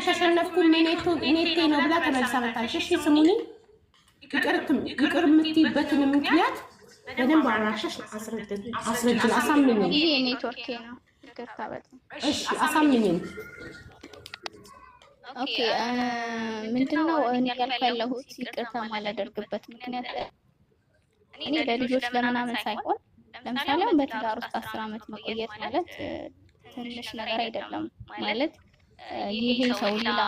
መጨረሻ ኔቴ ነው ብላ ተመልሳ መጣለች። እሺ ይቅር የምትይበትን ምክንያት በደንብ አራሻሽ አስረጅን፣ አሳምኝን። ነው አሳምኝን። ኦኬ ምንድነው እኔ ያልኩ ያለሁት ይቅርታ ማላደርግበት ምክንያት እኔ ለልጆች ለምናምን ሳይሆን ለምሳሌ በትዳር ውስጥ አስር መቆየት ማለት ትንሽ ነገር አይደለም ማለት ይሄ ሰው ሌላ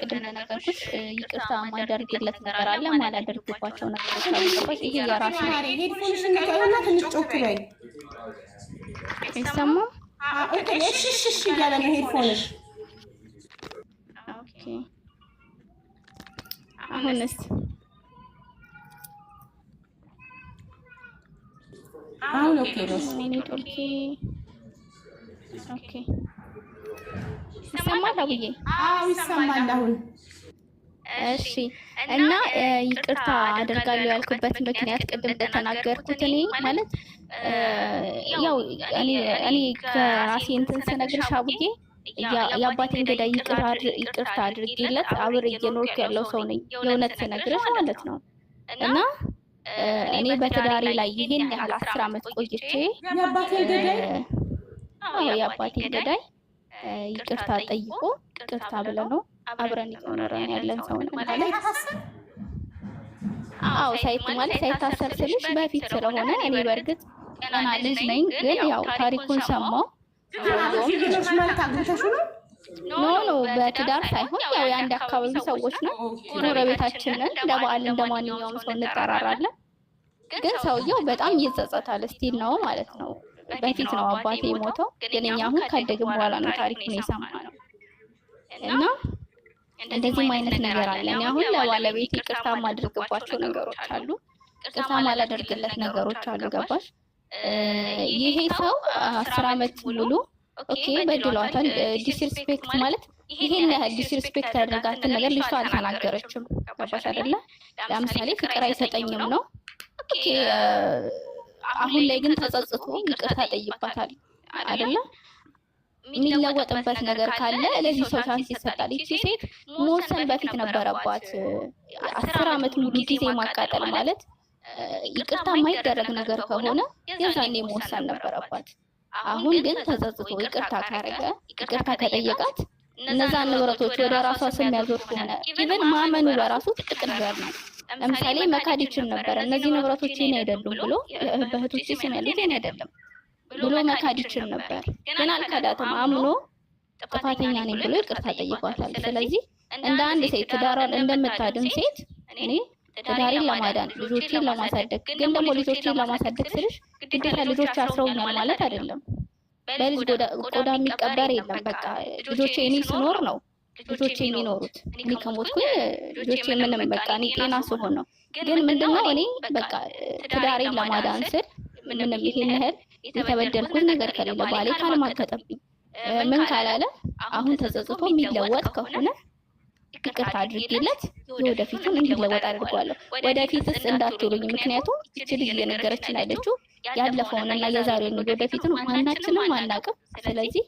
ቅድም ነገርኩሽ ይቅርታ ማደርግለት ነገር አለ ማላደርግባቸው ነገሮች ይሄ የራሱ እሺ እያለ ነው ሄድፎንሽ። ኦኬ አሁንስ አሁን ኦኬ ኦኬ ኦኬ ይሰማል አቡዬ? አዎ ይሰማል አሁን። እሺ እና ይቅርታ አደርጋለሁ ያልኩበት ምክንያት ቅድም እንደተናገርኩት እኔ ማለት ያው እኔ ከራሴ እንትን ስነግርሽ አቡዬ የአባቴን ገዳይ ይቅርታ አድርጌለት አብሬ እየኖርኩ ያለው ሰው ነኝ፣ የእውነት ስነግርሽ ማለት ነው እና እኔ በትዳሬ ላይ ይህን ያህል አስር አመት ቆይቼ የአባቴ ገዳይ ይቅርታ ጠይቆ ቅርታ ብለ ነው አብረን እየኖረን ያለን ሰውን ማለት አዎ ሳይት ማለት ሳይታሰር ስልሽ በፊት ስለሆነ እኔ በእርግጥ ገና ልጅ ነኝ፣ ግን ያው ታሪኩን ሰማው። ኖ ኖ በትዳር ሳይሆን ያው የአንድ አካባቢ ሰዎች ነው፣ ጎረቤታችንን እንደ ማንኛውም ሰው እንጠራራለን። ግን ሰውየው በጣም ይጸጸታል። ስቲል ነው ማለት ነው በፊት ነው አባቴ የሞተው፣ ግን እኛ አሁን ካደግም በኋላ ነው ታሪኩን የሰማነው እና እንደዚህም አይነት ነገር አለ። እኔ አሁን ለባለቤት ይቅርታ ማደርግባቸው ነገሮች አሉ፣ ቅርታ ማላደርግለት ነገሮች አሉ። ገባሽ? ይሄ ሰው አስር አመት ሙሉ ኦኬ በድሏታል። ዲስሪስፔክት ማለት ይሄን ያህል ዲስሪስፔክት ያደርጋትን ነገር ልጅቷ አልተናገረችም። ገባሽ አይደለ? ለምሳሌ ፍቅር አይሰጠኝም ነው ኦኬ አሁን ላይ ግን ተጸጽቶ ይቅርታ ጠይቋታል አይደለ? የሚለወጥበት ነገር ካለ ለዚህ ሰው ቻንስ ይሰጣል። ይቺ ሴት ሞርሰን በፊት ነበረባት። አስር አመት ሙሉ ጊዜ ማቃጠል ማለት ይቅርታ የማይደረግ ነገር ከሆነ የዛኔ መወሰን ነበረባት። አሁን ግን ተጸጽቶ ይቅርታ ካረገ ይቅርታ ከጠየቃት እነዛን ንብረቶች ወደ ራሷ ስም ያዞር ከሆነ ኢቨን ማመኑ በራሱ ትልቅ ነገር ነው። ለምሳሌ መካድ ይችል ነበረ። እነዚህ ንብረቶች የኔ አይደሉም ብሎ በእህቶቼ ስም ያሉት የኔ አይደለም ብሎ መካድ ይችል ነበር፣ ግን አልካዳትም። አምኖ ጥፋተኛ ነኝ ብሎ ይቅርታ ጠይቋታል። ስለዚህ እንደ አንድ ሴት ትዳሯን እንደምታድን ሴት እኔ ትዳሬን ለማዳን ልጆቼን ለማሳደግ ግን ደግሞ ልጆቼን ለማሳደግ ስልሽ ግዴታ ልጆች አስረውኛል ማለት አይደለም። በልጅ ቆዳ የሚቀበር የለም። በቃ ልጆቼ እኔ ስኖር ነው ልጆቼ የሚኖሩት እኔ ከሞትኩኝ ልጆቼ የምንም በቃ እኔ ጤና ስሆን ነው። ግን ምንድነው እኔ በቃ ትዳሬን ለማዳን ስል ምንም ይሄን ያህል የተበደልኩት ነገር ከሌለ ባሌ ካልማገጠብኝ ምን ካላለ አሁን ተጸጽቶ የሚለወጥ ከሆነ ይቅርታ አድርጌለት የወደፊቱን እንዲለወጥ አድርጓለሁ። ወደፊትስ እንዳትሉኝ፣ ምክንያቱም ይች ልጅ እየነገረችን አይደችው ያለፈውንና የዛሬውን ወደፊትን ማናችንም አናውቅም። ስለዚህ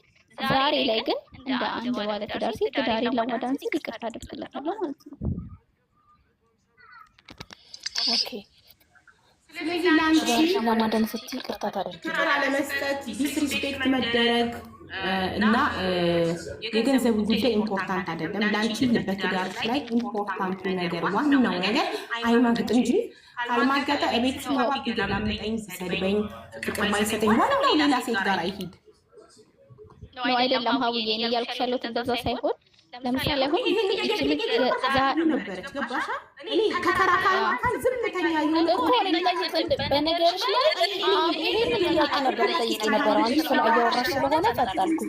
ዛሬ ላይ ግን እንደ አንድ ባለ ትዳር ሴት ትዳሬን ለማዳን ይቅርታ አደርግለታለሁ ማለት ነው። ኦኬ ለማዳን ስትይ ይቅርታ ታደርጊለታለህ። ዲስሪስፔክት መደረግ እና የገንዘቡ ጉዳይ ኢምፖርታንት አይደለም። ለአንቺ በትዳርሽ ላይ ኢምፖርታንቱ ነገር ዋናው ነገር አይማግጥ እንጂ ካልማገጠ እቤት ስገባ ላምጠኝ፣ ሲሰድበኝ፣ ፍቅር ዋናው ሌላ ሴት ጋር አይሂድ። ነው አይደለም ሀውዬ እኔ እያልኩሽ ያለሁት እንደዛ ሳይሆን ለምሳሌ አሁን በነገርሽ ላይ ይሄን ጥያቄ ነበር ጠይቄ ነበረ። አንቺ ስለ እያወራሽ ስለሆነ ጸጣልኩ።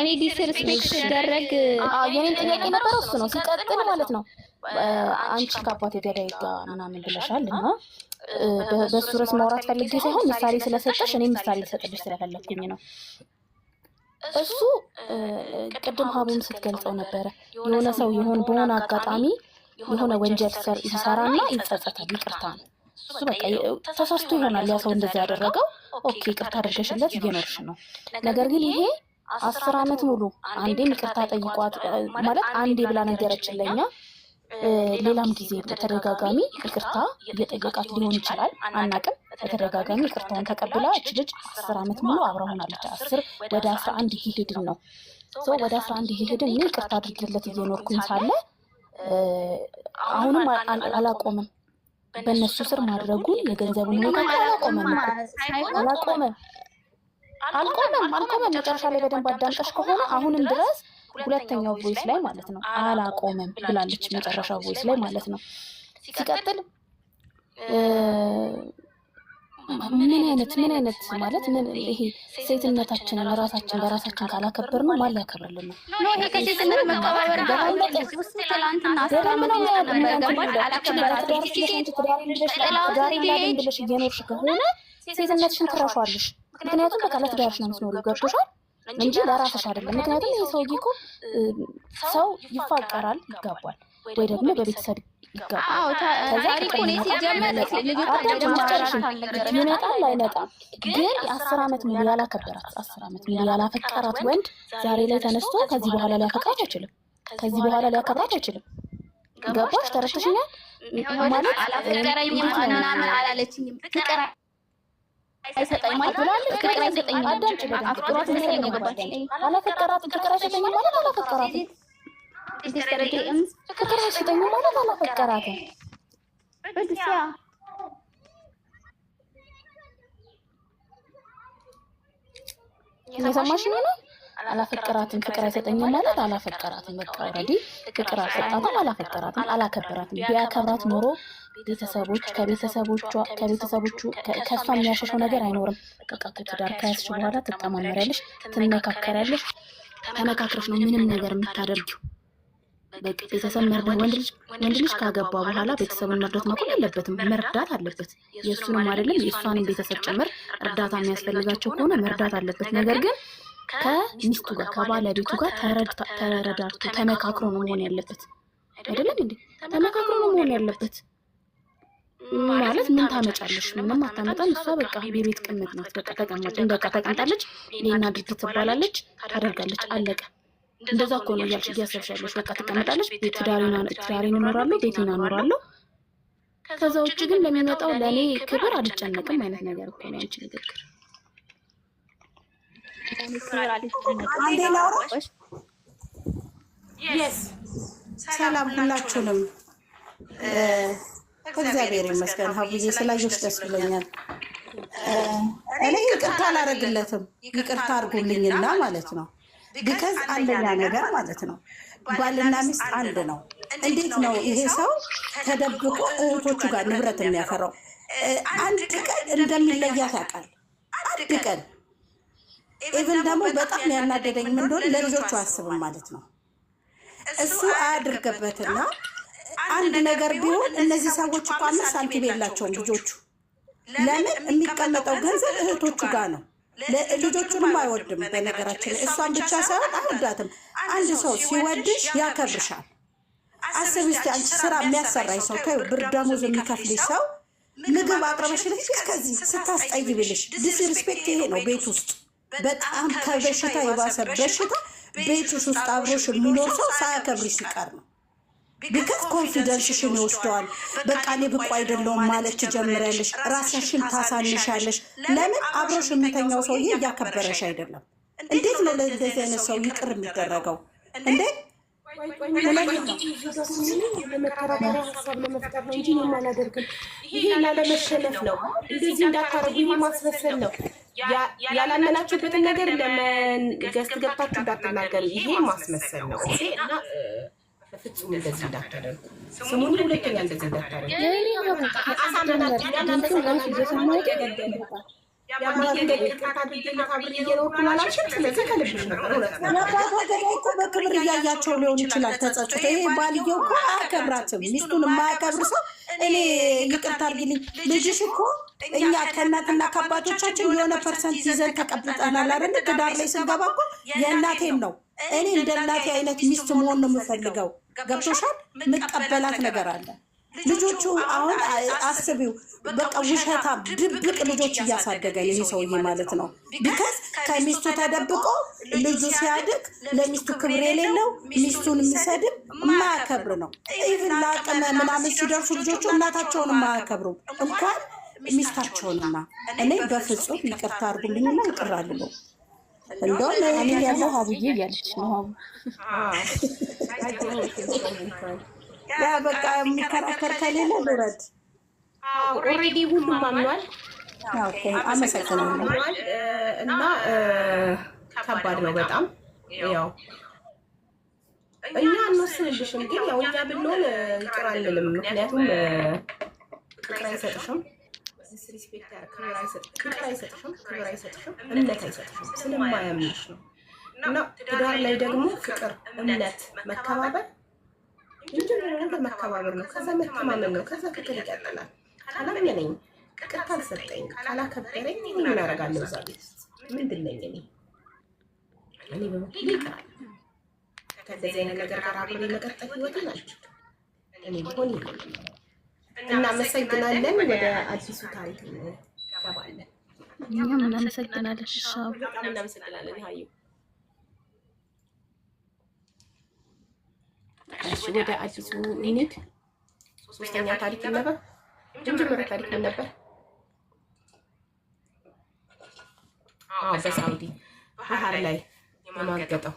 እኔ ዲስርስፔክት ሲደረግ የኔን ጥያቄ ነበር እሱ ነው። ሲቀጥል ማለት ነው አንቺ ከአባቴ ገዳይ ጋር ምናምን ብለሻል እና በሱ ርዕስ ማውራት ፈልጌ ሳይሆን ምሳሌ ስለሰጠሽ እኔ ምሳሌ ልሰጥልሽ ስለፈለግኩኝ ነው። እሱ ቅድም ሀቡም ስትገልጸው ነበረ የሆነ ሰው የሆን በሆነ አጋጣሚ የሆነ ወንጀል ይሰራና ይጸጸታል። ይቅርታ ነው እሱ በቃ ተሳስቶ ይሆናል ያ ሰው እንደዚያ ያደረገው። ኦኬ ይቅርታ አድርገሽለት እየኖርሽ ነው። ነገር ግን ይሄ አስር አመት ሙሉ አንዴም ይቅርታ ጠይቋት ማለት አንዴ ብላ ነገረችለኛ። ሌላም ጊዜ በተደጋጋሚ ይቅርታ እየጠየቃት ሊሆን ይችላል፣ አናቅም። በተደጋጋሚ ይቅርታውን ተቀብላ እች ልጅ አስር ዓመት ሙሉ አብራ ሆናለች። አስር ወደ አስራ አንድ እየሄድን ነው ሰው ወደ አስራ አንድ እየሄድን እኔ ይቅርታ አድርግለት እየኖርኩኝ ሳለ አሁንም አላቆምም በእነሱ ስር ማድረጉን የገንዘብን ሁኔታ አላቆመም አላቆመም አልቆመም አልቆመም። መጨረሻ ላይ በደንብ አዳምጠሽ ከሆነ አሁንም ድረስ ሁለተኛው ቮይስ ላይ ማለት ነው አላቆመም ብላለች፣ መጨረሻው ቮይስ ላይ ማለት ነው። ሲቀጥል ምን አይነት ምን አይነት ማለት ምን ይሄ ሴትነታችንን ራሳችን በራሳችን ካላከበር ነው ማን ያከብርልን ነው? ይሄ ከሴትነት መከባበር ምክንያቱም በቃ ለትዳርሽ ነው የምትኖሪው። ገብቶሻል እንጂ ለራስሽ አይደለም። ምክንያቱም ይህ ሰው እኮ ሰው ይፋቀራል፣ ይጋባል ወይ ደግሞ በቤተሰብ ይጋባል። ይመጣል አይመጣም፣ ግን አስር ዓመት ሙሉ ያላከበራት አስር ዓመት ሙሉ ያላፈቀራት ወንድ ዛሬ ላይ ተነስቶ ከዚህ በኋላ ሊያፈቅራት አይችልም፣ ከዚህ በኋላ ሊያከብራት አይችልም። ገባሽ? ተረድተሽኛል ማለት ምናምን አላለችኝም አይሰጠኝ ማለት ብላለች። ፍቅር ፍቅር አይሰጠኝ ማለት አላፈቀራት፣ ፍቅር ነው። አላፈቀራትም ፍቅር አይሰጠኝም ማለት አላፈቀራትም። በቃ ኦልሬዲ ፍቅር አልሰጣትም፣ አላፈቀራትም፣ አላከበራትም። ቢያከብራት ኖሮ ቤተሰቦች ከቤተሰቦቹ ከእሷ የሚያሸሸው ነገር አይኖርም። በቃ ትዳር ከያዝሽ በኋላ ትጠማመሪያለሽ፣ ትመካከሪያለሽ። ተመካክረሽ ነው ምንም ነገር የምታደርጊው። ቤተሰብ መርዳት ወንድ ልጅ ካገባ በኋላ ቤተሰብን መርዳት መቆም የለበትም፣ መርዳት አለበት። የእሱንም አይደለም የእሷንም ቤተሰብ ጭምር እርዳታ የሚያስፈልጋቸው ከሆነ መርዳት አለበት። ነገር ግን ከሚስቱ ጋር ከባለቤቱ ጋር ተረዳርቶ ተመካክሮ ነው መሆን ያለበት። አይደለም እንዴ? ተመካክሮ ነው መሆን ያለበት። ማለት ምን ታመጫለሽ? ምንም አታመጣም። እሷ በቃ የቤት ቅምጥ ናት። በቃ ተቀማጭ በቃ ተቀምጣለች፣ እኔና ድርጊት ትባላለች፣ ታደርጋለች፣ አለቀ። እንደዛ እኮ ነው እያልሽ እያሰብሻለሽ። በቃ ትቀምጣለች፣ ትዳሬን እኖራለሁ፣ ቤቴን እኖራለሁ። ከዛ ውጭ ግን ለሚመጣው ለእኔ ክብር አልጨነቅም አይነት ነገር እኮ ነው ያንቺ ንግግር። ሰላም ሁላችሁንም እግዚአብሔር ይመስገን። ሀቡዬ ስላየሁሽ ደስ ብሎኛል። እኔ ይቅርታ አላረግለትም፣ ይቅርታ አድርጉልኝና ማለት ነው። ቢከዝ አንደኛ ነገር ማለት ነው ባልና ሚስት አንድ ነው። እንዴት ነው ይሄ ሰው ተደብቆ እህቶቹ ጋር ንብረት የሚያፈራው? አንድ ቀን እንደሚለያት ያውቃል። አንድ ቀን ኢቭን ደግሞ በጣም ያናደደኝ ምን እንደሆነ ለልጆቹ አስብም ማለት ነው። እሱ አያድርገበትና አንድ ነገር ቢሆን እነዚህ ሰዎች እኮ አምስት ሳንቲም የላቸውም ልጆቹ። ለምን የሚቀመጠው ገንዘብ እህቶቹ ጋር ነው። ልጆቹንም አይወድም። በነገራችን ላይ እሷን ብቻ ሳይሆን አይወዳትም። አንድ ሰው ሲወድሽ ያከብርሻል። አስብ እስኪ አንቺ ስራ የሚያሰራኝ ሰው ከ ብር ደሞዝ የሚከፍልሽ ሰው ምግብ አቅርበሽልሽ ከዚህ ስታስጠይብልሽ፣ ዲስሪስፔክት ይሄ ነው። ቤት ውስጥ በጣም ከበሽታ የባሰ በሽታ ቤት ውስጥ አብሮሽ የሚኖር ሰው ሳያከብርሽ ሲቀር ነው። ቢከፍ ኮንፊደንስሽን ይወስደዋል። በቃ እኔ ብቁ አይደለውም ማለት ትጀምሪያለሽ፣ ራስሽን ታሳንሻለሽ። ለምን አብሮሽ የሚተኛው ሰውዬ እያከበረሽ አይደለም? እንዴት ነው ለእንደዚህ አይነት ሰው ይቅር የሚደረገው? እንዴት ለመከራከሪያ ሀሳብ ለመፍጠር ነው እንጂ አላደርግም። ይሄ ላለመሸነፍ ነው፣ እንደዚህ ማስመሰል ነው። ያላመናችሁበትን ነገር ለመንገስት ገብታችሁ እንዳትናገሩ፣ ይሄ ማስመሰል ነው ፍጹም እንደዚህ እንዳታደርጉ፣ ሁለተኛ በክብር እያያቸው ሊሆን ይችላል ተጸጽቶ። ይሄ ባልየው እኮ አያከብራትም፣ ሚስቱን የማያከብር ሰው እኔ ይቅርታ አድርጊልኝ፣ ልጅሽ እኮ እኛ ከእናትና ከአባቶቻችን የሆነ ፐርሰንት ይዘን ተቀብጠናል አይደል? ትዳር ላይ ስንገባ እኮ የእናቴን ነው እኔ እንደ እናቴ አይነት ሚስት መሆን ነው የምፈልገው ገብቶሻል። የምንቀበላት ነገር አለ። ልጆቹ አሁን አስቢው፣ በቃ ውሸታም ድብቅ ልጆች እያሳደገ ይህ ሰውዬ ማለት ነው። ቢከስ ከሚስቱ ተደብቆ ልጁ ሲያድግ ለሚስቱ ክብር የሌለው ሚስቱን የሚሰድብ የማያከብር ነው። ኢቭን ለአቅመ ምናምን ሲደርሱ ልጆቹ እናታቸውን የማያከብሩ እንኳን ሚስታቸውንና እኔ በፍጹም ይቅርታ አድርጉልኝና ይቅር አልለው እንደውም እኔ ያለው ሀብዬ እያለች ነው። ያ በቃ የሚከራከር ከሌለ ኦልሬዲ ሁሉም አምኗል። አመሰግናለሁ። እና ከባድ ነው በጣም ያው እኛ አንወስንልሽም፣ ግን ያው እኛ ብንሆን ይቅር አንልም። ምክንያቱም ፍቅር አይሰጥሽም ዲስሪስፔክት ክብር አይሰጥሽም፣ ክብር አይሰጥሽም፣ እምነት አይሰጥሽም ስለማያምንሽ ነው። እና ትዳር ላይ ደግሞ ፍቅር፣ እምነት፣ መከባበር እንደ መከባበር ነው። ከዛ መተማመን ነው። ከዛ ፍቅር ይቀጥላል። ካላመነኝ፣ ፍቅር ካልሰጠኝ፣ ካላከበረኝ ምን አደርጋለሁ? እዛ ቤት ምንድን ነኝ እኔ? እኔ በበኩል ይቀራል። ከእንደዚህ አይነት ነገር ጋር አብሮ የመቀጠል ህይወት ናቸው። እኔ ሆን ይለ እናመሰግናለን። ወደ አዲሱ ታሪክ እንገባለን። እኛም እናመሰግናለን። በጣም እናመሰግናለን። ሀዩ ወደ አዲሱ እንሂድ። ሶስተኛ ታሪክ ነበር፣ የመጀመሪያ ታሪክ ነበር። አዎ በሳውዲ ባህር ላይ የማገጠው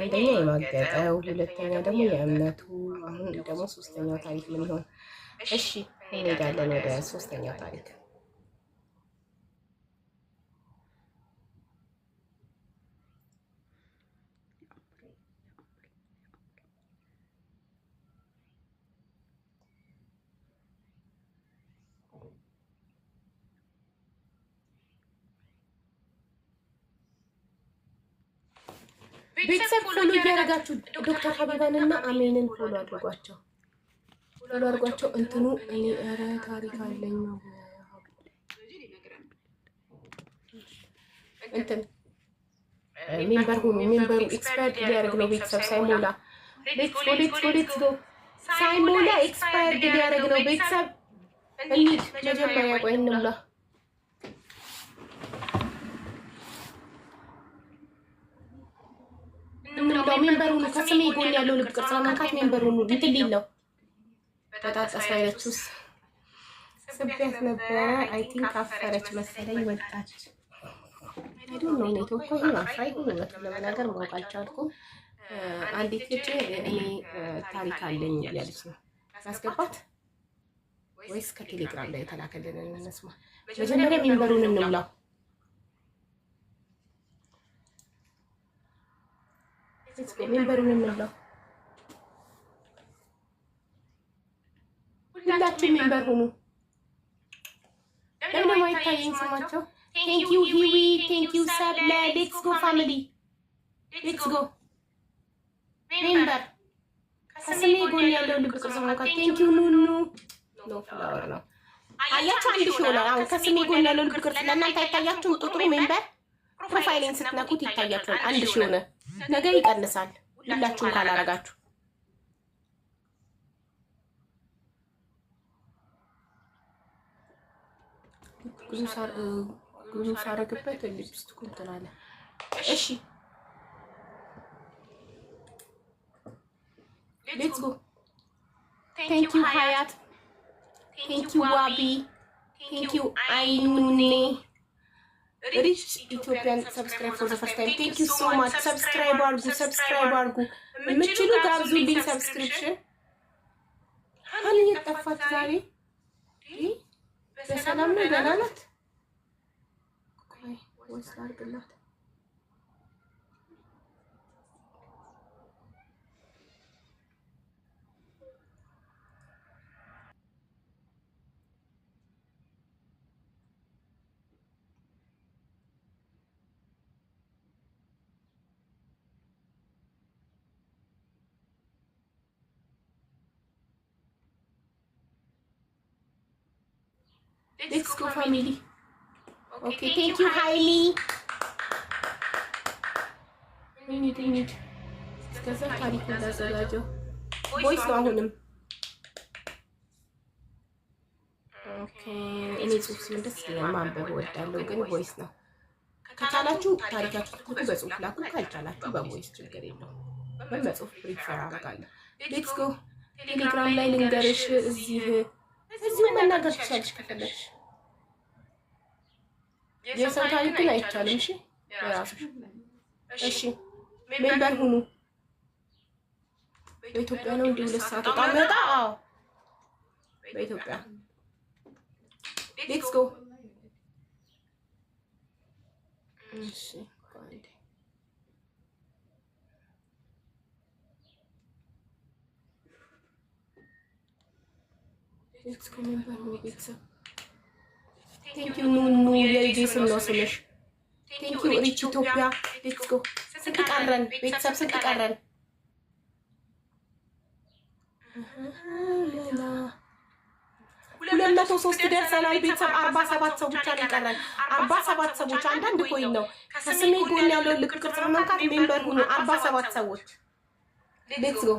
አንደኛ የማገጠው፣ ሁለተኛ ደግሞ የእምነቱ፣ አሁን ደግሞ ሶስተኛው ታሪክ ምን ይሆን? እሺ እንሄዳለን ወደ ሶስተኛው ታሪክ። ቤተሰብ ፎሎ እያደረጋችሁ ዶክተር ሀበባንና አሜንን ፎሎ አድርጓቸው። ቶሎ አድርጓቸው እንትኑ እኔ ኧረ ታሪክ አለኝ ነው እንትን ሜምበር ሆኖ ሜምበሩ ኤክስፓየርድ ሊያደርግ ነው። ቤተሰብ ሳይሞላ ወዴት ነው ሳይሞላ ኤክስፓየርድ ሊያደርግ ነው። ቤተሰብ እንሂድ። መጀመሪያ ቆይ እንብላ። ሜምበር ሆኖ ከስሜ ጎን ያለው ልብ ቅርጽ ለመንካት ሜምበር ሆኖ እንትን ሊል ነው በጣም ተስፋ አይለችው ስቤት ነበረ። አይ ቲንክ አፈረች መሰለኝ ወጣች። ሄዱን ነው ሁኔታው እኮ ይሁን አፍራ ይሁን ለመናገር ማወቅ አልቻልኩም። አንዲት ልጅ እኔ ታሪክ አለኝ እያለች ነው ያስገባት ወይስ ከቴሌግራም ላይ የተላከልን እንስማ? መጀመሪያ ሚንበሩን እንምላው። ሚንበሩን እንምላው ሜምበር ሁኑ። ለምን አይታየኝ ስማቸው? ቴንኪዩ ሂዊ፣ ቴንኪዩ ሰብለ። ሌትስ ጎ ፋሚሊ፣ ሌትስ ጎ ሜምበር። ከስሜ ጎን ያለው ልብ ቅርጽ ሞካ። ቴንኪዩ ኑኑ። ኖ ፍላወር ነው አያችሁ፣ አንድ ሺህ ሆኗል። አሁን ከስሜ ጎን ያለው ልብ ቅርጽ ለእናንተ አይታያችሁም? ቁጥሩ ሜምበር ፕሮፋይሌን ስትነኩት ይታያችኋል። አንድ ሺህ ሆነ። ነገ ይቀንሳል፣ ሁላችሁም ካላረጋችሁ ጉዞ ሳረግበት ሊፕስቲኩ እንትን አለ። እሺ ሌትስ ጎ። ቴንክ ዩ ሀያት፣ ቴንክ ዩ ዋቢ፣ ቴንክ ዩ አይኑኔ ሪች ኢትዮጵያን ሰብስክራይብ ፎር ዘ ፈርስት ታይም ቴንክ ዩ ሶ ማች። ሰብስክራይብ አርጉ ሰብስክራይብ አድርጉ። የምችሉ ጋብዙልኝ ሰብስክሪፕሽን። ሀን እየጠፋት ዛሬ በሰላም ነው ደህና ናት። ወስድ አድርግላት ሌትስ ጎ ፋሚሊ። ኦኬ ቴንክ ዩ ሃይሊ ሚኒት እስከዛ ታሪክ እንዳዘጋጀው ቮይስ ነው አሁንም እኔ ጽሁፍ ሲሆን ደስ ይለኛል፣ ማንበብ እወዳለሁ፣ ግን ቦይስ ነው። ከቻላችሁ ታሪካችሁ ትኩ በጽሁፍ ላኩ፣ ካልቻላችሁ በቦይስ ችግር የለውም። ምን በጽሁፍ ሪፈር አደርጋለሁ። ሌትስ ጎ ቴሌግራም ላይ ልንገርሽ እዚህ እዚህ መናገር ትችላለሽ ከፈለግሽ። የሰው አይቻልም። እሺ እሺ። ሜምበር ሁኑ። በኢትዮጵያ ነው እንዲህ አዎ በኢትዮጵያ ሌትስ ጎ እሺ ኤክስ ኮሜንበር ነው ቤተሰብ ቴንክ ዩ ኑ ኑ ስም ነው ስምሽ ቴንክ ዩ ሪች ኢትዮጵያ ሌትስ ጎ ስንት ቀረን ቤተሰብ ስንት ቀረን ሁለት መቶ ሶስት ደርሰናል ቤተሰብ አርባ ሰባት ሰው ብቻ ነው የቀረን አርባ ሰባት ሰዎች አንዳንድ ኮይን ነው ከስሜ ጎን ያለው ሜምበር ሁኑ አርባ ሰባት ሰዎች ሌትስ ጎ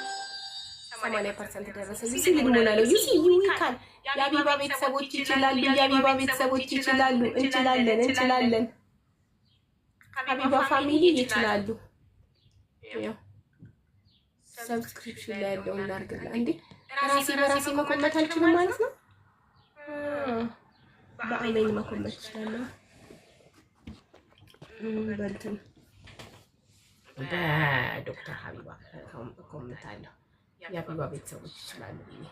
ሰማንያ ፐርሰንት ደረሰ። ዩሲ ልድሞና ነው ዩሲ ይዊካል። የአቢባ ቤተሰቦች ይችላሉ። የአቢባ ቤተሰቦች ይችላሉ። እንችላለን፣ እንችላለን። አቢባ ፋሚሊ ይችላሉ። ሰብስክሪፕሽን ላይ ያለው እናርግላ እንዴ! ራሴ በራሴ መኮመት አልችልም ማለት ነው። በአሜን መኮመት ይችላለሁ። በእንትን በዶክተር ሀቢባ ኮምታለሁ የአቢባ ቤተሰቦች ይችላሉ ብዬ